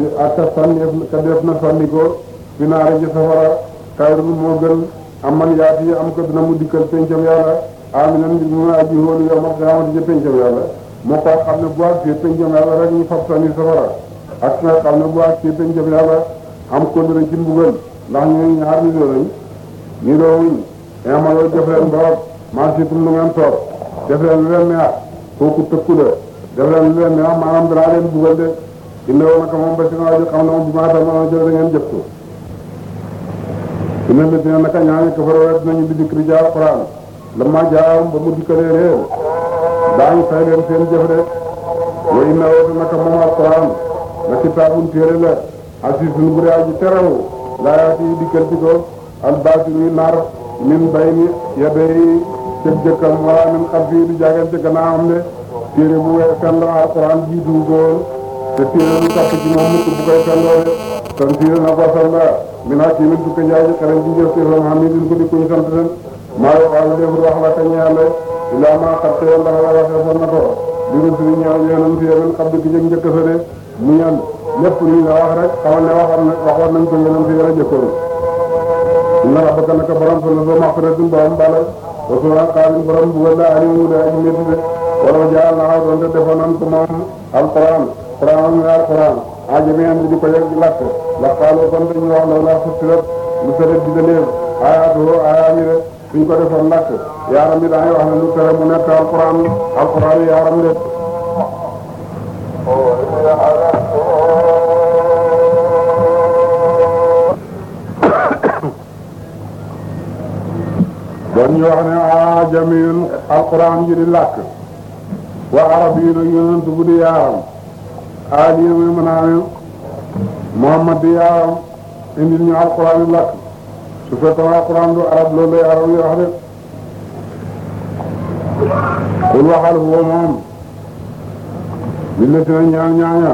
ak sa sànneef ka def na sànni ko finaare ji safara xayru moo gën am yaati am ko dina mu dikkal pencam yàlla aminan bi mu aji hóolu yow ma xamati ca pencam yàlla moo tax xam ne bu ak fee pencam yàlla rek ñu fab sànni safara ak nga xam ne bu ak fee pencam yàlla am ko dara ci mbugal ndax ñooy ñaar ni doo lañ ni doo wuñ amaloo def leen borom maa si tum lu ngeen toog def lu leen neex kooku tëkku la def lu leen neex maanaam danaa leen bugal de inna woon naka moom basi na waa ji xam ne moom bi maa tax ma jël da ngeen jëf ko inna la dina naka ñaani kafaroo dinañu bi dikri jaa alquran la ma jaam ba mu dikkalee réer daañu fay leen seen jëf wa inna woon naka moom alquran la kitaabun téere la asisun bu dee aji teraw laayaati yi dikkal ci ko albaatin yi nar min bayni yadayhi cëg jëkkam wala min xalfi du jaagal ci gannaawam de téere bu weex kan la alquran jiitu góor te téere lu tàkk ci moom mukk bu koy fendoore tansiiran a wasalla min hakimin tukka njaaji xereñ ji jëf ci ran hamidin ko di kuñ sant leen maa yo xaalu deful wax ñaale ilaa maa xat te la waxee fan na ko li rusuli ñaaw ñeenam fi yéen xam ki jëg njëkk sa de mu ñaan lépp lii nga wax rek xamal ne waxam na waxoon nañ ko yéenam fi yéen a jëkkoon inna rabbaka naka borom fa la soo maxfiratin borom wa sura qaalim borom bu wala alimu de aji jaal naa doon quran muy alquran ajamian bi ko yëg di lakk la xaaloo kon dañu wax law laa fustilat lu tëral di dëleer ayaatuhu ayaami de suñ ko defoon lakk yaaram bi daañu wax ne lu tëral mu nekk alquran alquran yaaram de doon ñu wax ne ajamiin alquran ji di lakk wa arab yi nag yonent bu di yaaram aali yi muy mënaame Muhammad di yaaram indi ñu alquran yu làkk su fekkoon alquran du arab loolu lay arab yi wax de kul waxal huwa moom lillati na ñaan ñaaña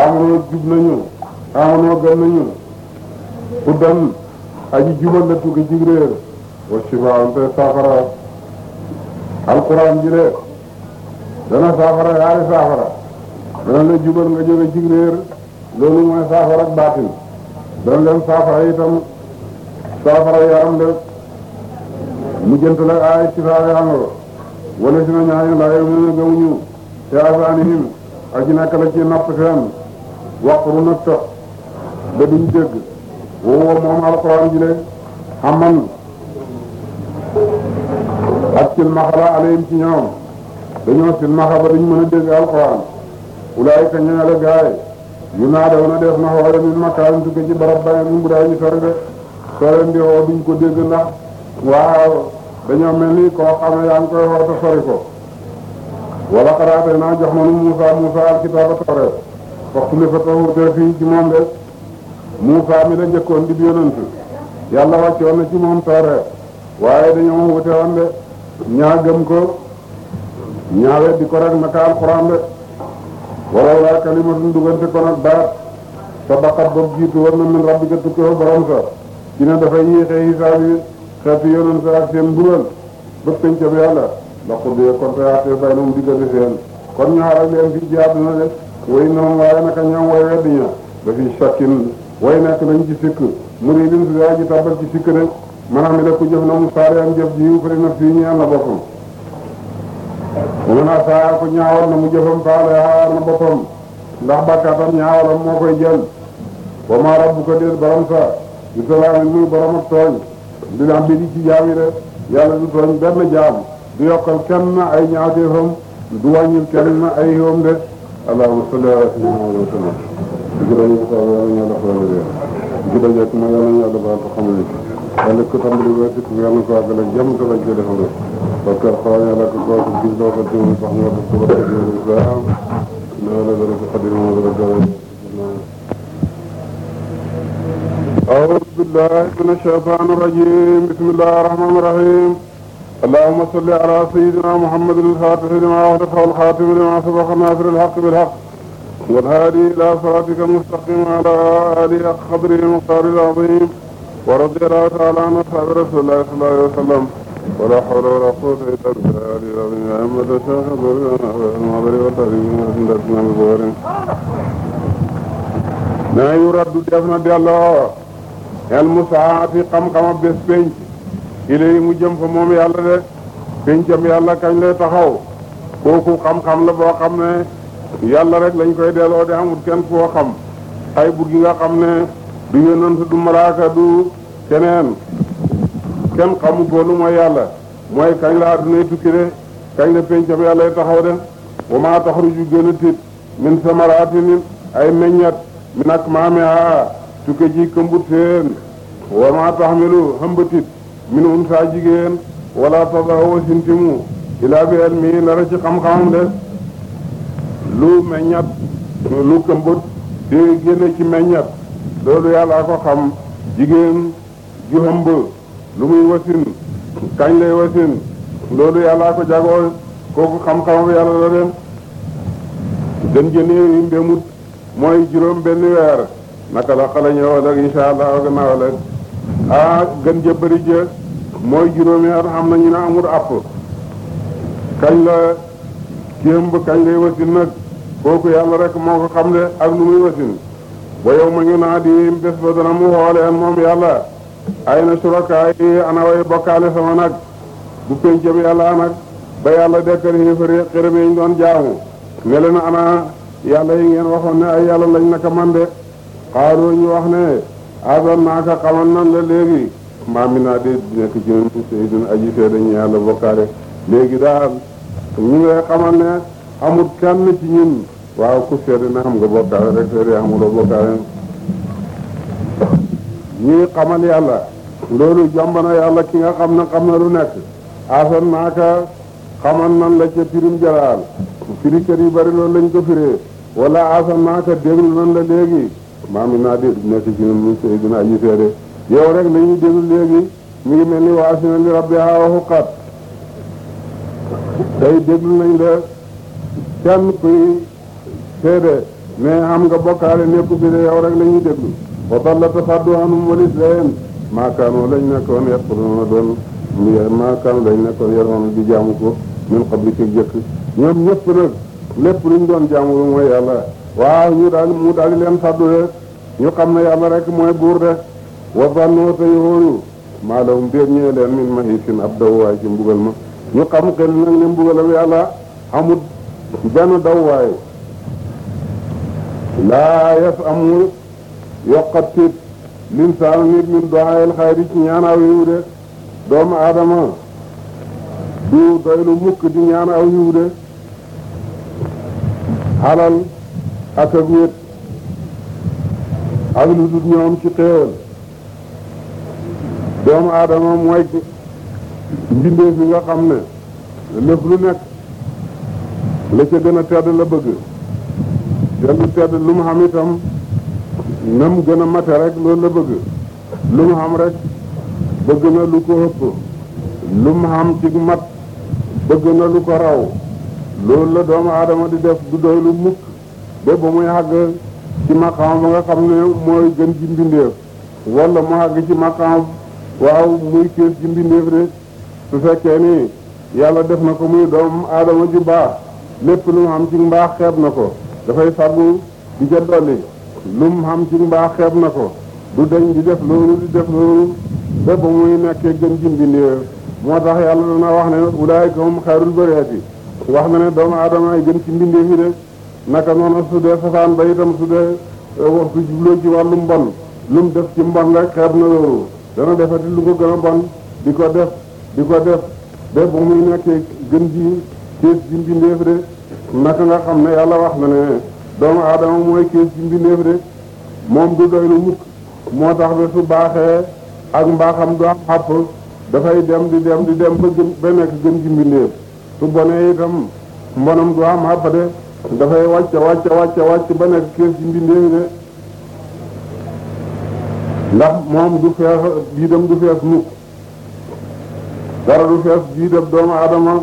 amonoo jub nañu amonoo gën nañu uddan aji jubal la tukki jigréer wa shifaan te saafara alquran ji de dana saafara yaari saafara dana la jubal nga jóge ci réer loolu mooy saafara ak baatin dana leen saafara itam saafara yaram de mujjant la aay ci saa yaango wala si na ñaañu laa yow mën a gawuñu te asaanihim aji nekk la ci napp seen waqru nag tax ba duñ dégg wowoo moom alquran ji le xaman ak silmaxa la ci ñoom dañoo silmaxa ba duñ mën a dégg alquran ulaay ka ñaale gaay yu naa daw na def na xoole min makaarin tukki ci barab bane mun bu daay ji sori de sore mbi woo duñ ko dégg ndax waaw dañoo mel ni koo xam yaa ngi koy woo te sori ko wala fa tawurte fii ci moom de Muusa mi la njëkkoon di yonent yàlla wàccoon na ci moom tawreet waaye dañoo wute woon de ñaa gëm ko ñaa weddi ko rek naka alxuraan de walaw laa kalimatun duggante kon ak baat sabaqat boobu jiitu war na min rabbika tukkee borom sa ci ne dafay yéexee xisaab yi xeeti yoonam sa ak seen mbugal ba pencam yàlla la xuddee kon sa yaatee bay na mu diggante seen kon ñaar ak leen fii jaadu na de way noonu waaye naka ñoom way weddi ña dafiy sakkin way nekk nañ ci sikk mu ne lim si daa ji tàbbal ci sikk rek maanaam mi la ko jëf na mu saaree am jëf ji yu fari na fii ñeel na boppam man asaa ko ñaawal na mu jëfam faale xaar na boppam ndax bàkkaatam ñaawalam moo koy jël wa ma rabbuka déet baram sa di salaami muy baram ak tooñ di lam bi di ci jaam yi de yàlla du tooñ benn jaam du yokkal kenn ay ñaawteefam du wàññil kenn ay yoom de allahumma salli ala sayyidina Muhammad wa sallam jërëjëf Sow yàlla na yàlla faral di leen jërëjëf ma yàlla na yàlla baal ko xamal ni yàlla ko tàmbali ba ci yàlla ko àggale jàmm ko lañ koy defal وكفاني على كفاك في ذوق الدين صحن وكفاك في الإسلام لا لذلك قدر وذلك أعوذ بالله من الشيطان الرجيم بسم الله الرحمن الرحيم اللهم صل على سيدنا محمد الفاتح لما أغلق والخاتم لما سبق ناصر الحق بالحق والهادي إلى صراطك المستقيم على آله قدره المختار العظيم ورضي الله تعالى عن أصحاب رسول الله صلى الله عليه وسلم ولا حول ولا قوة إلا بالله العظيم يا أمة الشيخ المغرب والتهريب عند الإمام البخاري لا يرد def na delloo almusaati xam-xama bés penc ilay mu jëm fa moom yàlla de pencam yàlla kañ lay taxaw kooku xam-xam la boo xam ne yàlla rek lañ koy delloo de amul kenn koo xam ay bur gi nga xam ne du yonent du malaaka du keneen kenn xamu boolu mooy yàlla mooy kañ la addunay tukki de kañ la pencam yàlla taxaw de wa maa taxruju gën a tiit min samaraatin ay meññat min akmaamihaa tukke ji këmbut seen wa maa taxmilu hëmbatit min unsaa jigéen wala tadau wasintimu ilaa bi elmi nara ci xam-xamam de lu meññat lu këmbut di génne ci meññat loolu yàlla ko xam jigéen ju hëmb lu muy wasin kañ lay wasin loolu yàllaa ko jagoo kooku xam-xamam yàlla la leen gën jënee yi mbémut mooy juróom benn weer naka la xala ñëw insha allah gannaaw ëllëg ah gën ja mooy juróomi at xam nañu ne amul àpp kañ la kémb kañ lay wasin nag kooku yàlla rek moo ko xam ne ak lu muy wasin ba yow ma ñu naa di bés ba dana mu xooleen moom yàlla ay na surakaay ana way bokkaale sama nag bu pencam yàlla nag ba yàlla dekkal xéefari xërëm yi ñu doon jaamu ne na ana yàlla yi ngeen waxoon ne ay yàlla lañ naka man de xaaroo ñu wax ne asan naaka xaman nan la léegi mbaam mi naa dee nekk ci ñun saydun aji fee dañu yàlla bokkaale léegi daal ñu nga xamal ne amut kenn ci ñun waaw ku seede na xam nga bokkaale rek seede amuloo bokkaale ñuy xamal yàlla loolu jomb na yàlla ki nga xam ne xam na lu nekk asan naaka xamal nan la ca pirim jalaal firikat yu bari loolu lañ ko firee wala asan naaka déglu nan la léegi maam mi naa di nekk ci ñun mu sey dina aji seede yow rek la ñuy léegi mu ngi mel ni waasina li rabbiha wa huqqat tey déglu nañ la kenn kuy seede mais am nga bokkaale nekku bi de yow rek la ñuy déglu ba dalla te fàddu anum walis leen maakaanu lañ nekkoon yar xuluna doon maakaanu lañ nekkoon yar woon di jaamu ko min xabli ci jëkk ñoom ñëpp nag doon jaamu lu mooy yàlla waaw ñu daal mu daal di leen fàddu de ñu xam ne yàlla rek mooy buur de wa fànnoo te yooyu maa lahum biir ñëwee leen min mahiisin ab dawwaay ci mbugal ma ñu xam xel nag ne mbugalam yàlla amut benn dawwaay laa yas amul yokkat tiit linsaanu nit min doxayel xayri ci ñaan aw yiw de doomu aadama du doylu mukk di ñaan aw yiw de xalal asab nit ak lu dul ñoom ci xéewal doomu aadama mooy mbindeef yi nga xam ne lépp lu nekk la ca gën a tedd la bëgg te lu tedd lu mu xam itam na mu gën a mate rek loolu la bëgg lu mu xam rek bëgg na lu ko ëpp lu mu xam ci mat bëgg na lu ko raw loolu la doomu aadama di def du doy lu mukk ba ba muy àgg ci maqaam nga xam ne mooy gën ci mbindeef wala mu waaw muy kees ci mbindeef de su fekkee ni yàlla def na ko muy doomu aadama ju baax lépp lu mu xam ci mbaax xeeb na ko dafay fàggu di ca dolli lum xam ci mbaa xeeb na ko du dañ di def loolu di def loolu ba ba muy nekkee gën ji mbindeef moo tax yàlla dana wax ne ulaayika hum xayrul bariyati wax na ne doomu aadama ay gën ci mbindeef yi de naka noonu su dee safaan ba itam su dee su eh, jubloo ci wàllu mbon lu def ci mbon rek xeeb na loolu dana defati lu ko gën a bon di ko def di ko def ba ba muy nekkee gën ji kees ji mbindeef de naka nga xam ne yàlla wax na ne doomu aadama mooy kii ci mbindeef de moom du doy lu mukk moo tax ba su baaxee ak mbaaxam du am xàpp dafay dem di dem di dem ba gën ba nekk gën ci mbindeef su bonee itam mbonam du am xàpp de dafay wàcc wàcc wàcc ba nekk kees ci mbindeef de ndax moom du fees jiidam du fees mukk dara du fees jiidam doomu aadama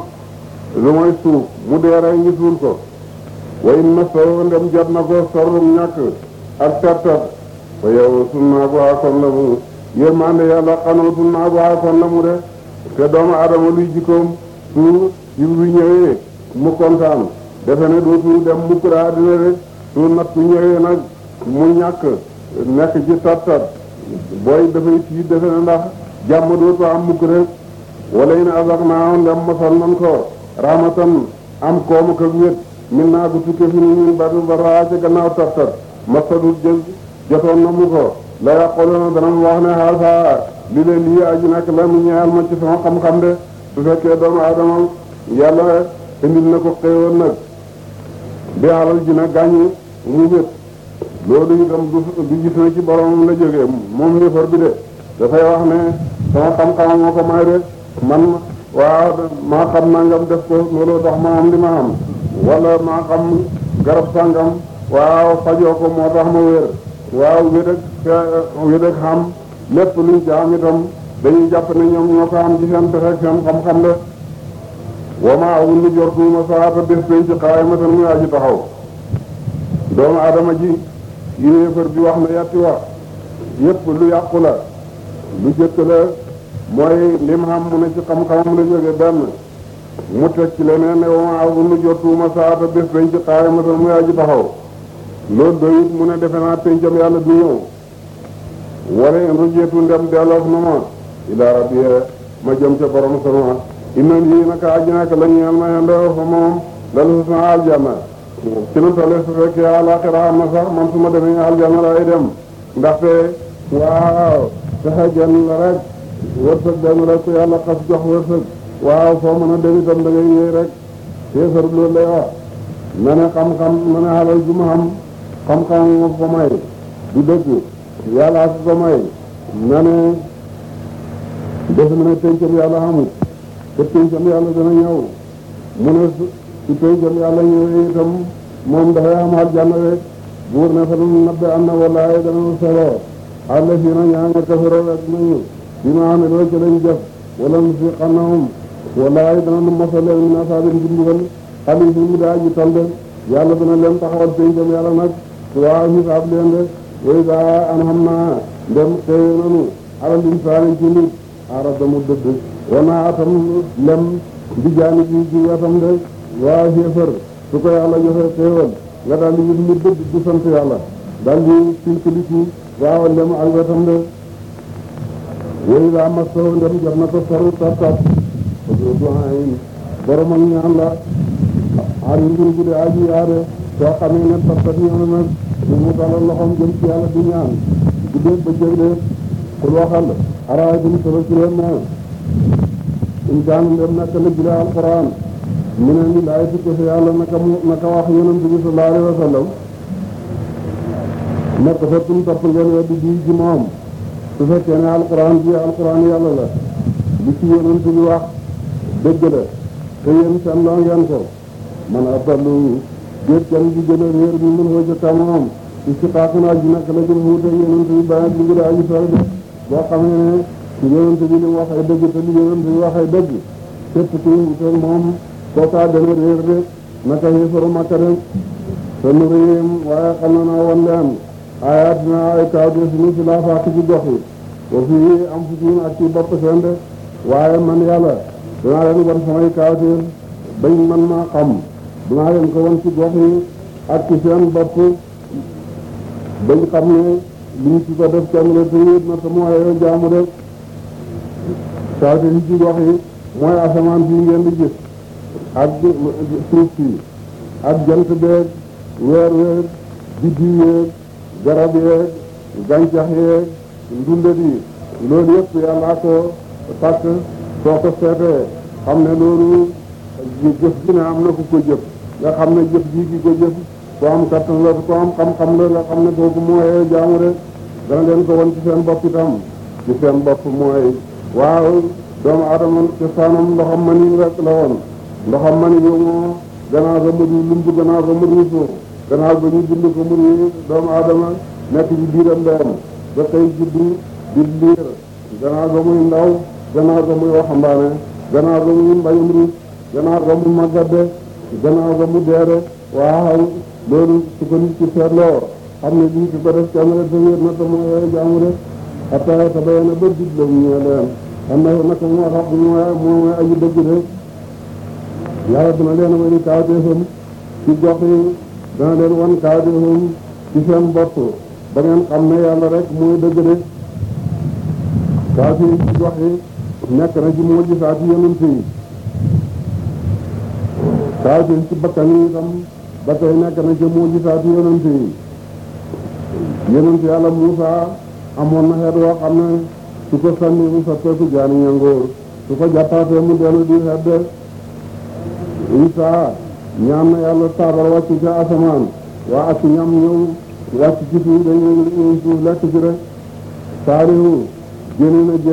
lu mooy suuf mu dee rek ngi suul ko way masawo ndem jot na ko sorrum ñàkk ak tartar fa yow sun naa bu kon mu yërmande yàlla xanoo sun naa bu kon la mu de te doomu adama luy jikkoom su jiblu ñëwee mu kontaan defe ne dootul dem mukk daa dina de su nattu ñëwee nag mu ñàkk nekk ci tartar booy dafay tiit defe ne ndax jàmm dootu am mukk rek wala yi ne azak naa ndem masal nan ko rahmatan am koomu kag wét min naa gu tukkee fi ni ñun badu baraa ca gannaaw tartar masadu jël jotoon na mu ko la yàqoloona dana mu wax ne xaasa li leen lii aju nekk la mu ñeel ma ci sama xam-xam de su fekkee doomu aadama yàlla indil na ko xéewal nag bi alal ji nag gàññi mu wét loolu itam du gis na ci boromam la jógee moom yëfar bi de dafay wax ne sama xam-xam moo ko may de man waaw maa xam nangam def ko looloo tax ma am li ma am wala maa xam garab sàngam waaw fajoo ko moo tax ma wér waaw wér ak wér ak xam lépp luñ ci am dañuy jàpp ne ñoom ñoo ko am ci seen pexe seen xam-xam la wama awul nu jortuuma saata bés pénc xaayimatan muy aji taxaw doomu adama ji yéefar bi wax na yatti wa yépp lu yàqu la lu jëkk la mooy lim xam mu ne ci xam-xamam la jóge benn mu teg ci leneen ne wama azunnu jottuma saata bés penc qaa'imatan muy aji taxaw loolu doyut mu ne defe naa pencam yàlla du ñëw wala in rujeetu ndem delloof na ma ilaa rabbiya ma jëm ca borom sama inna lii naka aji naka la ñeel ma yendoo fa moom lal husna aljanna ci lu tale su fekkee alaxira am na sax man su ma demee aljanna laay dem ndaxte waaw fexe la rek wërsëg benn rek ku yàlla xas jox wërsëg waaw foo mën a dem itam da ngay ñëw rek feesaru loolu lay wax ah. na ne xam-xam na ne alal ju ma xam xam-xam ma ko may du dëkk yàlla su ko may na ne def na ne pencam yàlla xamul te pencam yàlla dana ñëw mu ne su pencam yàlla ñëwee itam moom dafay am buur ne fa nabbe am na wallaaye dana solo àll fi na ñaa nga kafaroo ak nañu bi ma xam ne loolu ci lañ wala nu fi xanahum walaay dana nu mosale min asaabin ci mbugal xali fi mu daa ji talde yàlla dana leen taxawal pencam yàlla nag waa hisaab leen de way daa an xam naa ndem xëye nanu alal insaani ci ara damu dëdd wana atam lem ndijaani ji ji atam su ko yàlla joxe xéewal nga daal di yëf mu dëdd du sant yàlla daal di silkili ci a lem ak wetam de yooyu daa a soxla ndem jox na ko soru tat tat borom ak ñaan la xar yu ngir guddee aji yaare soo xamee ne tat tat ñaan na ñu mu dalal loxoom jëm ci yàlla di ñaan guddee ba jëg de kul waxal araay bi solo ci leen in kaanu ndem nekk la julee alquran mu ne ni laay fi kese yàlla naka mu naka wax yonent bi sallallahu alayhi wa sallam nekk fa tum topp ngeen weddi ji moom su fekkee ne alquran ji alquran yàlla la li ci yonent bi wax dëgg la te yéen seen loo ngeen ko man abdallu géej kenn gi gën a réer bi mun wëcca tam moom istiqaaku naa ji naka la jëm wuute yonent bi bana ji daa ji sori de boo xam ne ne bi li mu wax ay dëgg te li yonent bi wax ay dëgg képp ku wuuteeg moom kookaa dana réer de naka yéefaru makka de te nu réyem waaye xam na naa leen ayaat naa ay kaw dee suñu si laa faatu ci gox yi ba fii am fu suñu ak ci bopp seen de waaye man yàlla danaa leen wan samay kawtéer bañ man maa xam danaa leen ko wan ci gox yi ak ci seen bopp bañ xam ne liñ ci ko def kenn la te yéen na te mooy jaamu de kawtéer yi ci gox yi mooy asamaan fii ngeen di gis ak suuf si ak jant beeg weer weer biddi weer garab yeeg gàncax yeeg ndundat yi loolu yëpp yàllaa ko sàkk soo ko seetee xam ne loolu jëf ji ne am na ku ko jëf nga xam ne jëf ji ki ko jëf ko am kattan la ko am xam-xam la nga xam ne kooku mooy jaamu rek dana leen ko won ci seen bopp itam ci seen bopp mooy waaw doomu aadama te saanam ndoxam mani rek la woon ndoxam mani boobu gannaaw ga mënu lumb gannaaw ga mënu suuf gannaaw ba ñu bind ko mu ni doomu aadama nekk ci biiram ndeyam ba tey juddu di liir gannaaw ba muy ndaw gannaaw ba muy waxambaane gannaaw ba muy mbayum ruus gannaaw ba mu màggadde gannaaw mu deere waaw loolu su ko nit ci seetloo xam ne lii ki ko def camere te wér na te mooy yooyu jaamu de attaaya te bayana ba diglam ñee leen xam ne naka moo tax moo mooy aji dëgg de yàlla dina leen a ni kaw teefam ci gox yi dana leen wan kaadiruhum ci seen bopp ba ngeen xam ne yàlla rek mooy dëgg de kaafir yi wax nekk na ci mujisaat yi yonent yi kaafir ci bakkan yi itam ba tey nekk na amoon na xeet woo xam ne su ko sànni mu soppeeku jaani ñangóor su ko jàppaatee mu dellu di xeet de ñaam na yàlla saabar wàcc asamaan waa ñam ñëw wàcc ci suuf dañuy ñëw suuf lekk ci rek saalihu génn na ci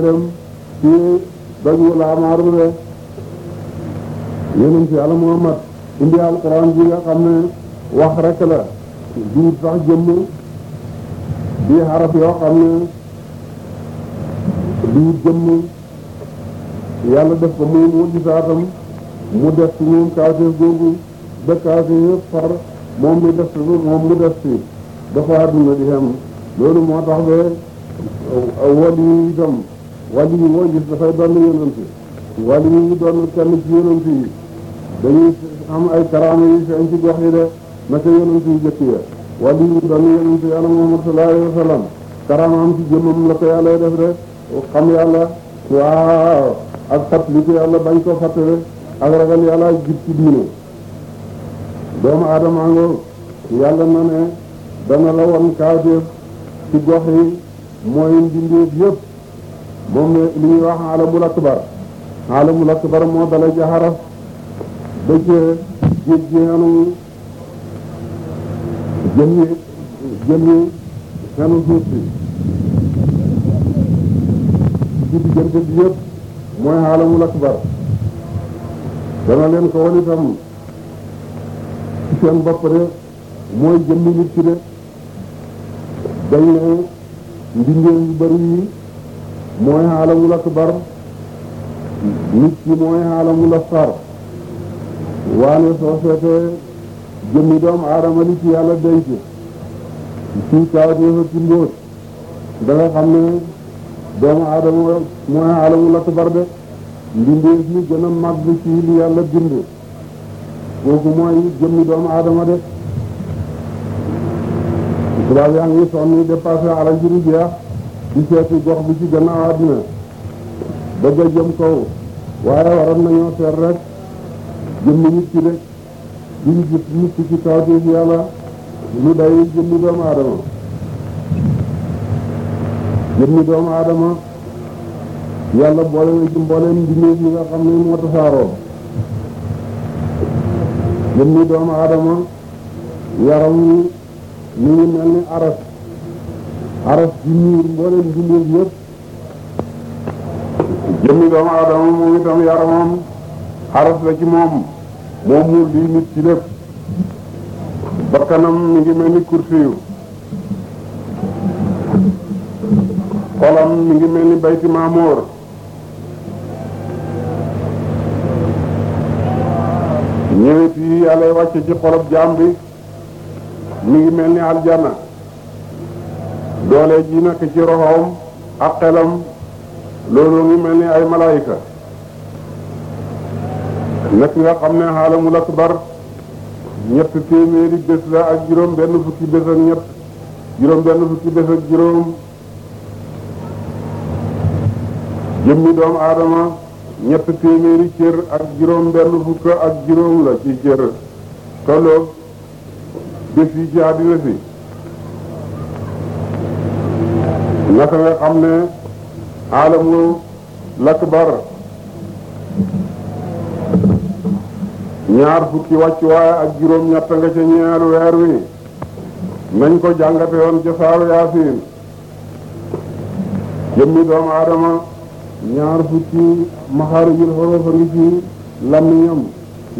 daju laa maaru de yénum ci yàlla muhammad indi alquran ji nga xam ne wax rek la duut sax jëmm di xaraf yoo xam ne duut jëmm def ko muy mujj mu def ci ñoom kaw bakkaas yi yëpp far moom mu def moom mu def ci dafa àdduna di xem loolu moo tax ba uh, uh, wàll yi itam wàll yi moo gis dafay doon yonent yi wàll yi doon ci yonent yi dañuy am ay karaama yi feeñ ci gox yi de naka yonent yi jëkk ya wàll yi doon yonent yàlla Muhammad sallallahu alayhi wa sallam karaama am ci jëmmam la ko yàlla def de xam yàlla waaw ak fàttaliku yàlla bañ ko fàttale ak ragal yàlla jib ci diine doomu aadama ngoo yàlla na dana la won kaawteef ci gox mooy mbindeef yëpp moom ne ñuy wax alamul akbar alamul akbar moo dala jaxara ba ca géej gi xenu jëmmi jëmmi xenu suuf si ci diggante bi yëpp mooy alamul akbar dana leen ko won itam seen bopp de mooy jëmmi nit ki de dañ ne mbindéef yu bëri yi mooy xaalamul akbar nit ki mooy xaalamul asxar waane soo seetee jëmmi doomu aadama li ci yàlla denc ci kawteefa ci mbóot da nga xam ne doomu aadama mooy xaalamul akbar de mbindéef mi gën a màgg ci li yàlla bind googu mooy jëmmi doomu aadama de tubaab yaa ngi sonn ni alal ji di seeti gox bi ci gannaaw àdduna bëgg a jëm kaw waaye waroon nañoo seet rek jëmmi nit ki rek duñ gis nit ki ci kaw ci yàlla lu day jëmmi doomu aadama jëmmi doomu aadama yàlla boole na ci mbooleem mbindeef yi nga xam ne moo tasaaroo jëmmi doomu aadama yaram wi mi ngi mel ni aras aras di niir mbooleem di niir yëpp jëmmi doomu aadama moom itam yaramam aras la ci moom moom muur di nit ci lépp bakkanam mi ngi mel ni kursi xolam mi ngi mel ni bayti maamoor ñëwet yi yàlla wàcce ci xolob jaam bi mu ngi mel ni aljanna doole ji nekk ci roxoom ak xelam loolu ngi mel ni ay malaayika nekk nga xam ne xaalamul akbar ñett téeméeri bés la ak juróom benn fukki bés ak ñett juróom benn fukki bés ak juróom jëmmi doomu aadama ñett téeméeri cër ak juróom benn fukk ak juróom la ci cër tolloog bés yi ci àddina si naka nga xam ne aalamu lakbar ñaar fukki wàccuwaay ak juróom ñett nga ca ñeer weer wi nañ ko jàngate yoon ca saaru yaasin jëmmi doomu aadama ñaar fukki maxaarijul xorofa ngi ci làmmiñam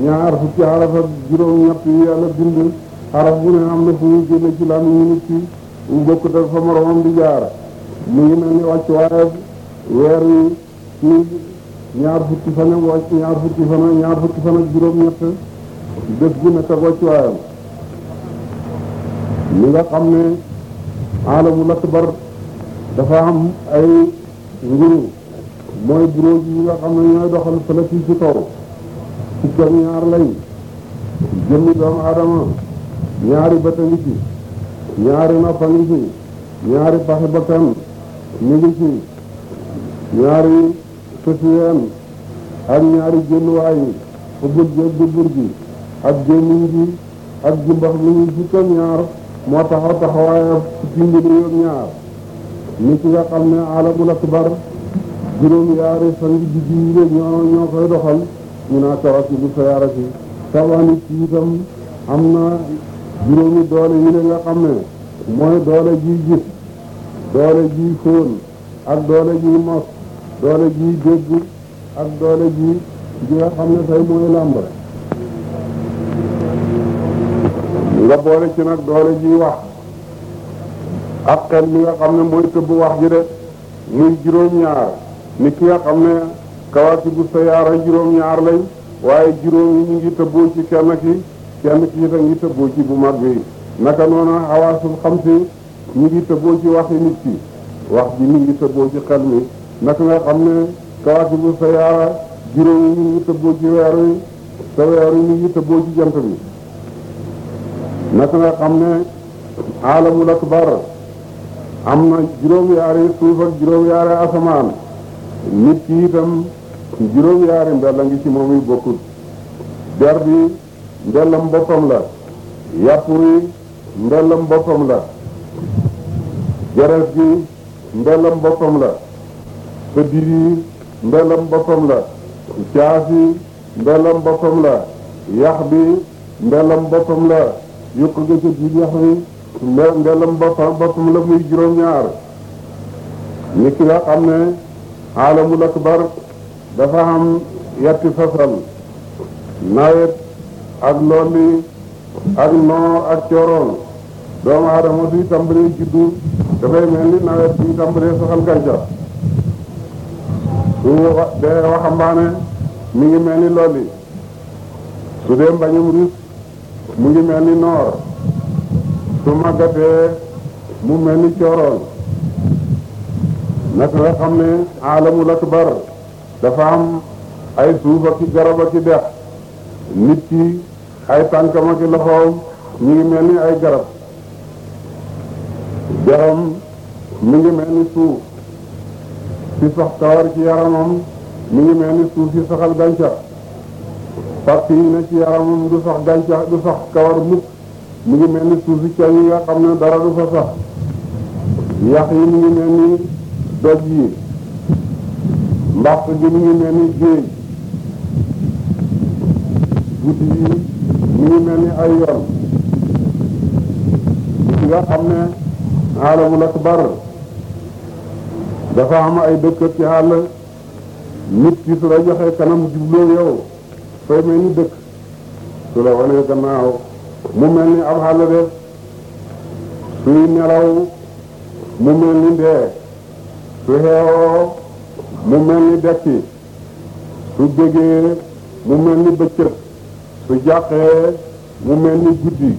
ñaar fukki xaraf ak juróom-ñett yi yàlla bind xaraf bu ne am na fu muy génne ci làmmiñu nit ki mu bokkut fa moromam di jaar mu ngi mel ni wàcc waaye weer wi ñaar fukki fan ak wàcc ñaar fukki fan ak ñaar fukki fan ak juróom-ñett bés bu nekk ak wàcc waayam li nga xam ne dafa am ay nguru mooy bureau yi nga xam ne ñooy doxal fële fii ci kaw ci kam ñaar lañ jëmmi doomu aadama ñaari bët a ngi ci ñaari nopp a ngi ci ñaari paxi bakkan ñu ngi ci ñaari sësiyeen ak ñaari génnuwaay yi gi ak dubbur gi ak gémmiñ gi jumbax bi ñu fukk ak ñaar moo taxaw taxawaayam fukki mbir yooyu ñaar ci nga xam ne alamul akbar juróom yaari fan yi digg yi de ñoo ñoo koy doxal ñu naa tawas yi bu sayaara si sabani ci itam am na juróomi doole yi la nga xam ne mooy doole ji gis doole ji fóon ak doole ji mos doole ji dégg ak doole ji ji nga xam ne tey mooy làmb nga boole ci nag doole ji wax ak xel mi nga xam ne mooy tëbb wax ji de muy juróom ñaar nit ki nga xam ne kawaatibu sayaara juróom-ñaar lañ waaye juróom yi ñu ngi tëbboo ci kenn ki kenn ki itam ngi tëbboo ci bu mag bi naka noonu xawaasul xam si ñu ngi tëbboo ci waxi nit ki wax ji ñu ngi tëbboo ci xel mi naka nga xam ne kawaatibu sayaara juróom yi ñu ngi tëbboo ci weer wi te weer wi ñu ngi tëbboo ci jant bi naka nga xam ne aalamul akbar am na juróom-yaari suuf ak juróom-yaari asamaan nit ki itam juróom-ñaari mbella ngi ci moom yu bokkut der bi mbellam boppam la yàpp wi mbellam boppam la jaras gi mbellam boppam la pëddir yi mbellam boppam la caas yi mbellam boppam la yax bi mbellam boppam la yokk ga ca biir yax bi mbellam boppam boppam la muy juróom-ñaar nit ki nga xam ne aalamul akbar dafa am yetti fasal nawet ak lolli ak noor ak coroon doomu aadama suy tàmbalee juddu dafay mel ni nawet suy tàmbalee soxal gàncax su dee waxambaane mi ngi mel ni lolli su dee mbañum rus mu ngi mel ni noor su màggatee mu mel ni coroon naka nga xam ne alamul akbar dafa am ay suuf ak i garab ak i dex nit ki ay tànkam ak i loxoom ñu ngi mel ni ay garab jaram mi ngi mel ni suuf si sax kawar ci yaramam mi ngi mel ni suuf si saxal gàncax pàcc yi ne ci yaramam du sax gàncax du sax kawar mukk mi ngi mel ni suuf si cañ nga xam ne dara du fa sax yax ngi mel ni doj yi mbàpp gi mi ngi mel ni géej guddi yi mi ngi mel ni ay yoon nga xam ne aalamul akbar dafa am ay dëkk ci àll nit ki su la kanam jubloo yow fay mel ni dëkk su la wanee gannaaw mu mel ni ab xàll def suy nelaw mu mel ni ndee su xeewoo mu mel ni dekki su jógee mu mel ni bëccëg su jàqee mu mel ni guddi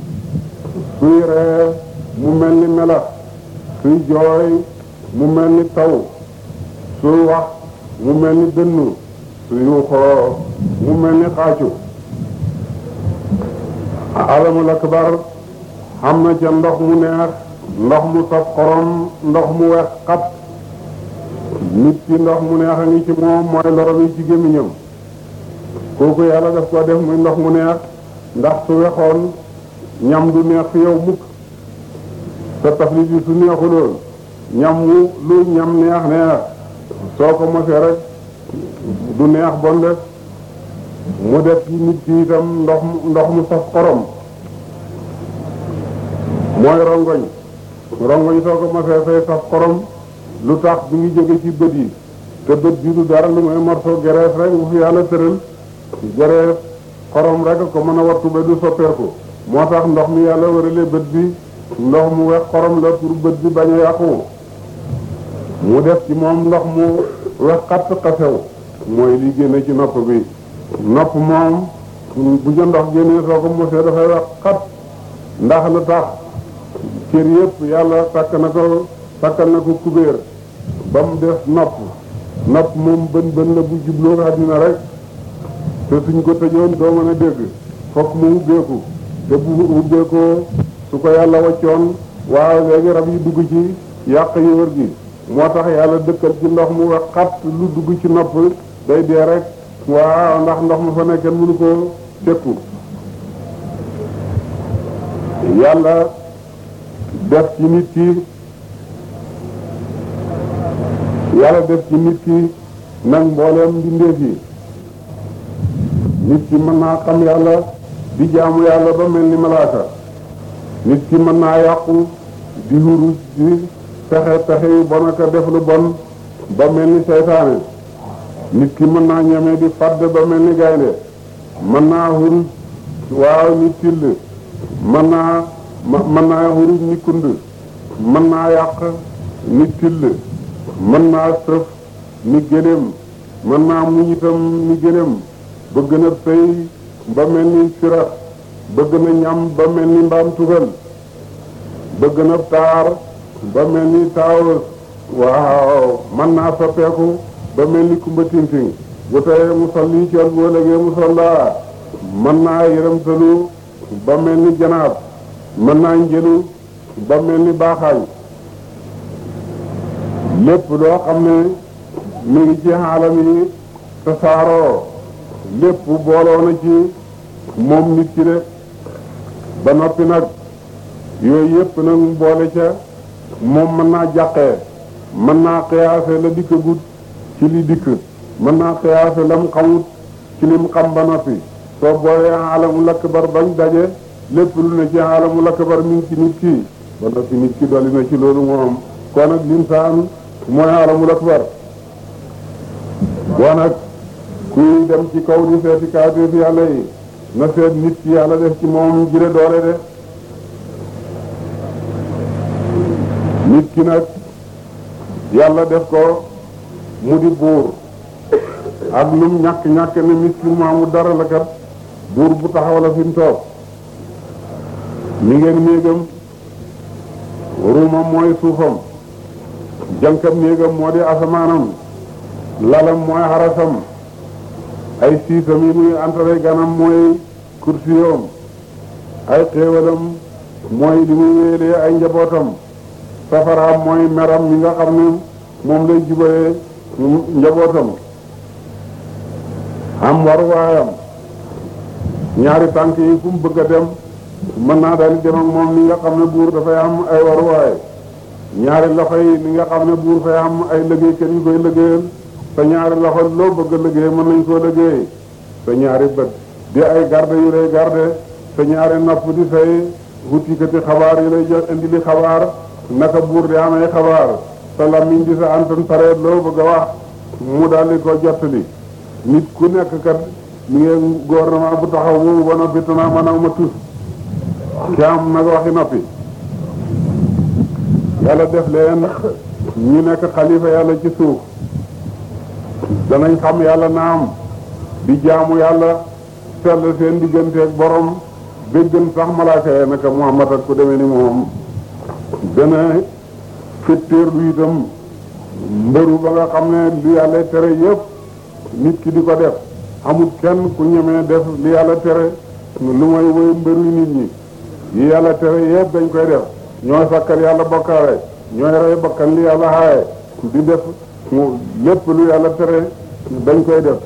suy ree mu mel ni melax suy jooy mu mel ni taw suy wax mu mel ni dënnu su yuuxoo mu mel ni xaacu alamul akbar xam na ca ndox mu neex ndox mu saf xorom ndox mu wex xat nit ki ndox mu neex a ngi ci moom mooy loro bi ci gémmiñam kooku yàlla def ko def muy ndox mu neex ndax su wexoon ñam du neex fi yow mukk sa taflit bi su neexuloon ñam mu lu ñam neex neex soo ko mosee rek du neex bon def mu def ci nit ki itam ndox ndox mu saf xorom mooy rongoñ rongoñ soo ko mosee fay saf xorom lu tax bi ngi jóge ci bët yi te bët bi du dara lu may morceau gereef rek bu fi yàlla tëral gereef xorom rek ko mën a wattu ba du soppeeku moo tax ndox mi yàlla waralee bët bi ndox mu wex xorom la pour bët bi bañ a yàqu mu def ci moom ndox mu wex xatt xasew mooy li génne ci nopp bi nopp moom bu ca ndox génnee soo ko mosee dafay wex xat ndax lu tax cër yëpp yàlla sàkk na ko sàkkal na ko kubéer ba mu des nopp nopp moom bën bën la bu jubloo àddina rek te suñ ko tëjoon doo mën a dégg fokk mu ubbeeku te bu ubbeekoo su ko yàlla waccoon waaw léegi rab yi dugg ci yàq yi gi moo tax yàlla dëkkal ci ndox mu wax xat lu dugg ci nopp day dee rek waaw ndax ndox mu fa nekkee mënu koo tekku yàlla def ci nit ki yàlla def ci nit ki nag mbooleem mbindeef yi nit ki mën naa xam yàlla di jaamu yàlla ba mel ni malaaka nit ki mën naa yàqu di hurus di pexe pexe yu bon ak def lu bon ba mel ni seytaane nit ki mën naa ñeme di fàdd ba mel ni gaynde mën naa hurus waaw ni till mën naa mën naa hurus ni kund mën naa yàq ni till mën maa sëf ni gëléem man maa muñ itam ni gëléem bëgg na sëy ba mel ni sirat bëgg na ñam ba mel ni mbaam tugal bëgg na taar ba mel ni taawus waaw man naa soppeeku ba mel ni kumba tinting bu tawee mu sol boo légee mu sol laa man naa yërëmtalu ba mel ni janaab man naa njëlu ba mel ni baaxaañ lépp loo xam ne mi ngi ci xaalam yi tasaaroo lépp booloo na ci moom nit ki de ba noppi nag yooyu yëpp nag mu boole ca moom mën naa jàqee mën naa xiyaase la dikkagut ci li dikk mën naa xiyaase la mu xamut ci li mu xam ba noppi soo boolee mu lakk bar bañ daje lépp lu ne ci xaalamu lakk bar mi ngi ci nit ki ba noppi nit ki dolli na ci loolu moom kon nag lim saanu mooy alamul akbar boo nag kuy dem ci kaw di seeti kaabir yàlla yi na seet nit ki yàlla def ci moom jire doole de nit ki nag yàlla def ko mu di buur ak lum ñàkk-ñàkk ne miskin maamu dara la kat buur bu taxaw la fi mu toog ngeen méegam ruumam mooy suufam jànkam néegam moo di asamaanam lalam mooy xarasam ay siisam yi muy antale ganam mooy kursiyoom ay xéewalam mooy li muy wéelee ay njabootam safaraam mooy meram mi nga xam ne moom lay jubalee njabootam am waruwaayam ñaari tànk yi fu mu bëgg a dem mën naa daal di dem ak moom li nga xam ne buur dafay am ay waruwaay ñaari loxo yi ni nga xam ne buur fay am ay liggéeykat yu koy liggéeyal sa ñaari loxo loo bëgg a liggéey mën nañ koo liggéey sa ñaari bët di ay garde yu lay garde sa ñaari nopp di say wutikati xabaar yu lay jox indi li xabaar naka buur di amee xabaar sa làmmiñ di sa antan pareet loo bëgg a wax mu daldi ko jottali nit ku nekk kat mi ngi gouvernement bu taxaw boobu ba noppi tanaa manaw ma tus ki am nag waxi noppi yàlla def leen ñu nekk xalifa yàlla ci suuf danañ xam yàlla naam di jaamu yàlla sell seen digganteeg borom bëggën sax malaaka ya naka Muhammad ak ku demee ni moom gën a fetteer lu itam mbëru ba nga xam ne li yàlla tere yëpp nit ki di ko def amul kenn ku ñemee def li yàlla tere lu mooy woy mbëru nit ñi yi yàlla tere yëpp dañ koy def ñooy sàkkal yàlla bokkaale ñooy rey bakkan li yàlla xaaye di def mu lépp lu yàlla tere dañ koy def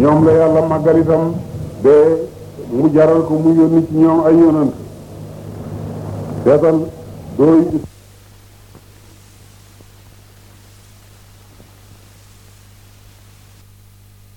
ñoom la yàlla màggal itam ba mu jaral ko mu yónni ci ñoom ay yónant seetal dooy